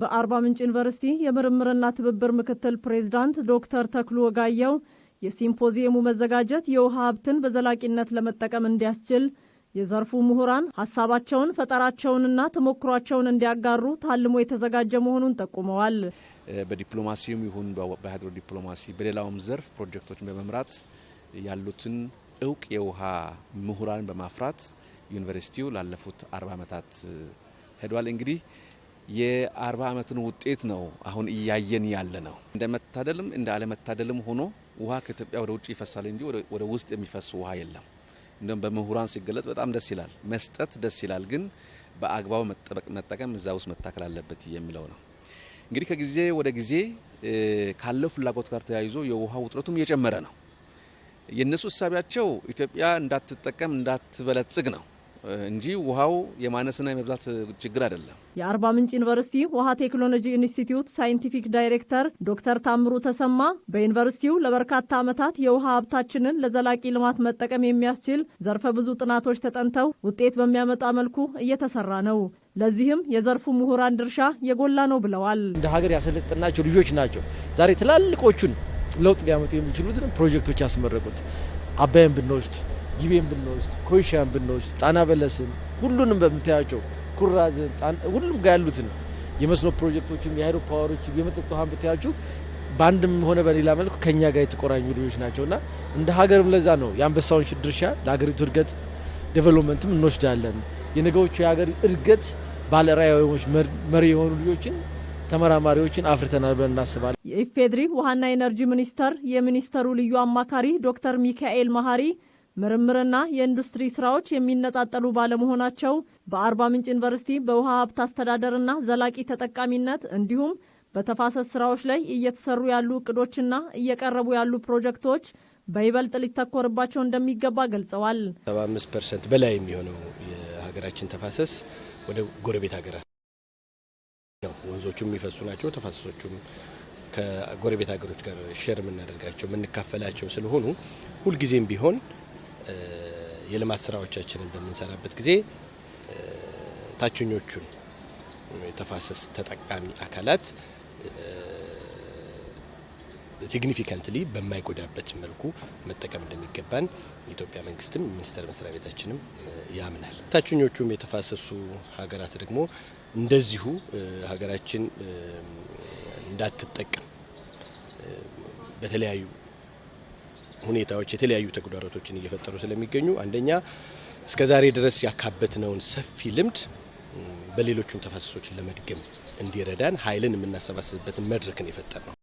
በአርባ ምንጭ ዩኒቨርሲቲ የምርምርና ትብብር ምክትል ፕሬዝዳንት ዶክተር ተክሉ ወጋየው የሲምፖዚየሙ መዘጋጀት የውሃ ሀብትን በዘላቂነት ለመጠቀም እንዲያስችል የዘርፉ ምሁራን ሀሳባቸውን፣ ፈጠራቸውንና ተሞክሯቸውን እንዲያጋሩ ታልሞ የተዘጋጀ መሆኑን ጠቁመዋል። በዲፕሎማሲውም ይሁን በሃይድሮ ዲፕሎማሲ በሌላውም ዘርፍ ፕሮጀክቶችን በመምራት ያሉትን እውቅ የውሃ ምሁራን በማፍራት ዩኒቨርሲቲው ላለፉት አርባ ዓመታት ሄዷል። እንግዲህ የአርባ ዓመትን ውጤት ነው አሁን እያየን ያለ ነው። እንደ መታደልም እንደ አለመታደልም ሆኖ ውሃ ከኢትዮጵያ ወደ ውጭ ይፈሳል እንጂ ወደ ውስጥ የሚፈስ ውሃ የለም። እንዲሁም በምሁራን ሲገለጽ በጣም ደስ ይላል። መስጠት ደስ ይላል፣ ግን በአግባቡ መጠቀም እዛ ውስጥ መታከል አለበት የሚለው ነው። እንግዲህ ከጊዜ ወደ ጊዜ ካለው ፍላጎት ጋር ተያይዞ የውሃ ውጥረቱም እየጨመረ ነው። የእነሱ እሳቢያቸው ኢትዮጵያ እንዳትጠቀም እንዳትበለጽግ ነው። እንጂ ውሃው የማነስና የመብዛት ችግር አይደለም። የአርባ ምንጭ ዩኒቨርሲቲ ውሃ ቴክኖሎጂ ኢንስቲትዩት ሳይንቲፊክ ዳይሬክተር ዶክተር ታምሩ ተሰማ በዩኒቨርሲቲው ለበርካታ ዓመታት የውሃ ሀብታችንን ለዘላቂ ልማት መጠቀም የሚያስችል ዘርፈ ብዙ ጥናቶች ተጠንተው ውጤት በሚያመጣ መልኩ እየተሰራ ነው። ለዚህም የዘርፉ ምሁራን ድርሻ የጎላ ነው ብለዋል። እንደ ሀገር ያሰለጠናቸው ልጆች ናቸው ዛሬ ትላልቆቹን ለውጥ ሊያመጡ የሚችሉትን ፕሮጀክቶች ያስመረቁት አባይን ብንወስድ ጊቤን ብንወስድ ኮይሻን ብንወስድ ጣና በለስን ሁሉንም በምታያቸው ኩራዝን ሁሉም ጋር ያሉትን የመስኖ ፕሮጀክቶችም የሃይድሮ ፓወሮችም የመጠጥ ውሃን ብታያችሁ በአንድም ሆነ በሌላ መልኩ ከኛ ጋር የተቆራኙ ልጆች ናቸውና እንደ ሀገርም ለዛ ነው የአንበሳውን ድርሻ ለሀገሪቱ እድገት ዴቨሎፕመንትም እንወስዳለን። የነገዎቹ የሀገር እድገት ባለራዕይ መሪ የሆኑ ልጆችን ተመራማሪዎችን አፍርተናል ብለን እናስባለን። የኢፌድሪ ውሃና ኤነርጂ ሚኒስቴር የሚኒስተሩ ልዩ አማካሪ ዶክተር ሚካኤል መሀሪ ምርምርና የኢንዱስትሪ ስራዎች የሚነጣጠሉ ባለመሆናቸው በአርባ ምንጭ ዩኒቨርሲቲ በውሃ ሀብት አስተዳደርና ዘላቂ ተጠቃሚነት እንዲሁም በተፋሰስ ስራዎች ላይ እየተሰሩ ያሉ እቅዶችና እየቀረቡ ያሉ ፕሮጀክቶች በይበልጥ ሊተኮርባቸው እንደሚገባ ገልጸዋል። 75 ፐርሰንት በላይ የሚሆነው የሀገራችን ተፋሰስ ወደ ጎረቤት ሀገራት ነው። ወንዞቹ የሚፈሱ ናቸው። ተፋሰሶቹም ከጎረቤት ሀገሮች ጋር ሼር የምናደርጋቸው የምንካፈላቸው ስለሆኑ ሁልጊዜም ቢሆን የልማት ስራዎቻችንን በምንሰራበት ጊዜ ታችኞቹን የተፋሰስ ተጠቃሚ አካላት ሲግኒፊካንትሊ በማይጎዳበት መልኩ መጠቀም እንደሚገባን የኢትዮጵያ መንግስትም ሚኒስቴር መስሪያ ቤታችንም ያምናል። ታችኞቹም የተፋሰሱ ሀገራት ደግሞ እንደዚሁ ሀገራችን እንዳትጠቀም በተለያዩ ሁኔታዎች የተለያዩ ተግዳሮቶችን እየፈጠሩ ስለሚገኙ አንደኛ እስከ ዛሬ ድረስ ያካበትነውን ሰፊ ልምድ በሌሎቹም ተፋሰሶችን ለመድገም እንዲረዳን ኃይልን የምናሰባስብበትን መድረክን የፈጠር ነው።